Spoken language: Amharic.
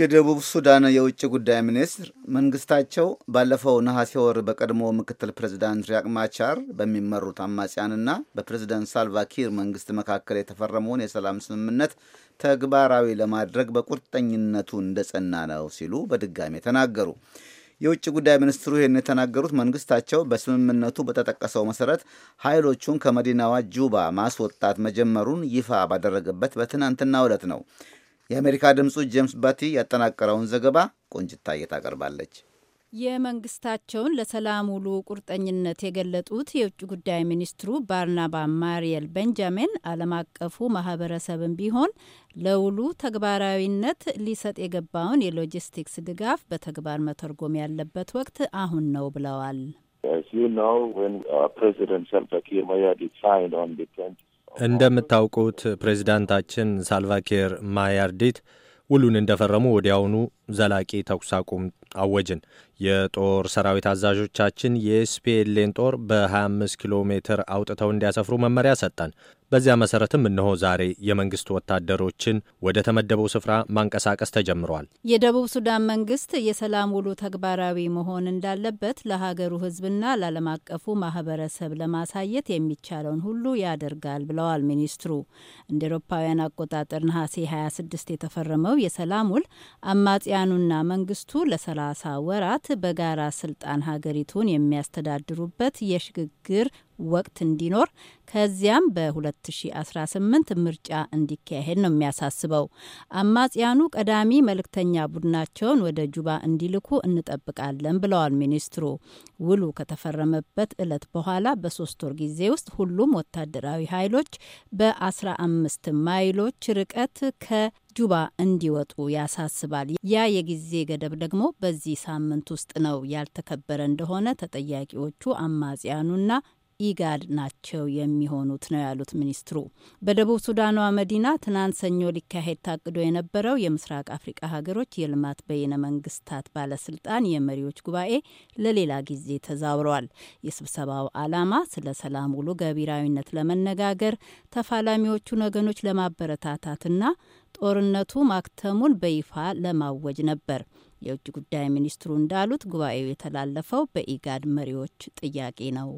የደቡብ ሱዳን የውጭ ጉዳይ ሚኒስትር መንግስታቸው ባለፈው ነሐሴ ወር በቀድሞ ምክትል ፕሬዚዳንት ሪያቅ ማቻር በሚመሩት አማጽያንና በፕሬዚዳንት ሳልቫኪር መንግስት መካከል የተፈረመውን የሰላም ስምምነት ተግባራዊ ለማድረግ በቁርጠኝነቱ እንደጸና ነው ሲሉ በድጋሜ ተናገሩ። የውጭ ጉዳይ ሚኒስትሩ ይህን የተናገሩት መንግስታቸው በስምምነቱ በተጠቀሰው መሰረት ኃይሎቹን ከመዲናዋ ጁባ ማስወጣት መጀመሩን ይፋ ባደረገበት በትናንትናው ዕለት ነው። የአሜሪካ ድምፁ ጄምስ ባቲ ያጠናቀረውን ዘገባ ቆንጅታዬ ታቀርባለች። የመንግስታቸውን ለሰላም ውሉ ቁርጠኝነት የገለጡት የውጭ ጉዳይ ሚኒስትሩ ባርናባ ማሪየል ቤንጃሚን ዓለም አቀፉ ማህበረሰብም ቢሆን ለውሉ ተግባራዊነት ሊሰጥ የገባውን የሎጂስቲክስ ድጋፍ በተግባር መተርጎም ያለበት ወቅት አሁን ነው ብለዋል። uh, እንደምታውቁት ፕሬዚዳንታችን ሳልቫኪር ማያርዲት ውሉን እንደፈረሙ ወዲያውኑ ዘላቂ ተኩስ አቁም አወጅን። የጦር ሰራዊት አዛዦቻችን የኤስፒኤሌን ጦር በ25 ኪሎ ሜትር አውጥተው እንዲያሰፍሩ መመሪያ ሰጠን። በዚያ መሰረትም እነሆ ዛሬ የመንግስት ወታደሮችን ወደ ተመደበው ስፍራ ማንቀሳቀስ ተጀምሯል። የደቡብ ሱዳን መንግስት የሰላም ውሉ ተግባራዊ መሆን እንዳለበት ለሀገሩ ህዝብና ለዓለም አቀፉ ማህበረሰብ ለማሳየት የሚቻለውን ሁሉ ያደርጋል ብለዋል ሚኒስትሩ። እንደ ኤሮፓውያን አቆጣጠር ነሐሴ 26 የተፈረመው የሰላም ውል አማጽያኑና መንግስቱ ለ30 ወራት በጋራ ስልጣን ሀገሪቱን የሚያስተዳድሩበት የሽግግር ወቅት እንዲኖር ከዚያም በ2018 ምርጫ እንዲካሄድ ነው የሚያሳስበው። አማጽያኑ ቀዳሚ መልእክተኛ ቡድናቸውን ወደ ጁባ እንዲልኩ እንጠብቃለን ብለዋል ሚኒስትሩ። ውሉ ከተፈረመበት ዕለት በኋላ በሶስት ወር ጊዜ ውስጥ ሁሉም ወታደራዊ ኃይሎች በ15 ማይሎች ርቀት ከጁባ እንዲወጡ ያሳስባል። ያ የጊዜ ገደብ ደግሞ በዚህ ሳምንት ውስጥ ነው። ያልተከበረ እንደሆነ ተጠያቂዎቹ አማጽያኑና ኢጋድ ናቸው የሚሆኑት ነው ያሉት ሚኒስትሩ። በደቡብ ሱዳኗ መዲና ትናንት ሰኞ ሊካሄድ ታቅዶ የነበረው የምስራቅ አፍሪቃ ሀገሮች የልማት በይነ መንግስታት ባለስልጣን የመሪዎች ጉባኤ ለሌላ ጊዜ ተዛውሯል። የስብሰባው ዓላማ ስለ ሰላም ውሉ ገቢራዊነት ለመነጋገር ተፋላሚዎቹን ወገኖች ለማበረታታትና ጦርነቱ ማክተሙን በይፋ ለማወጅ ነበር። የውጭ ጉዳይ ሚኒስትሩ እንዳሉት ጉባኤው የተላለፈው በኢጋድ መሪዎች ጥያቄ ነው።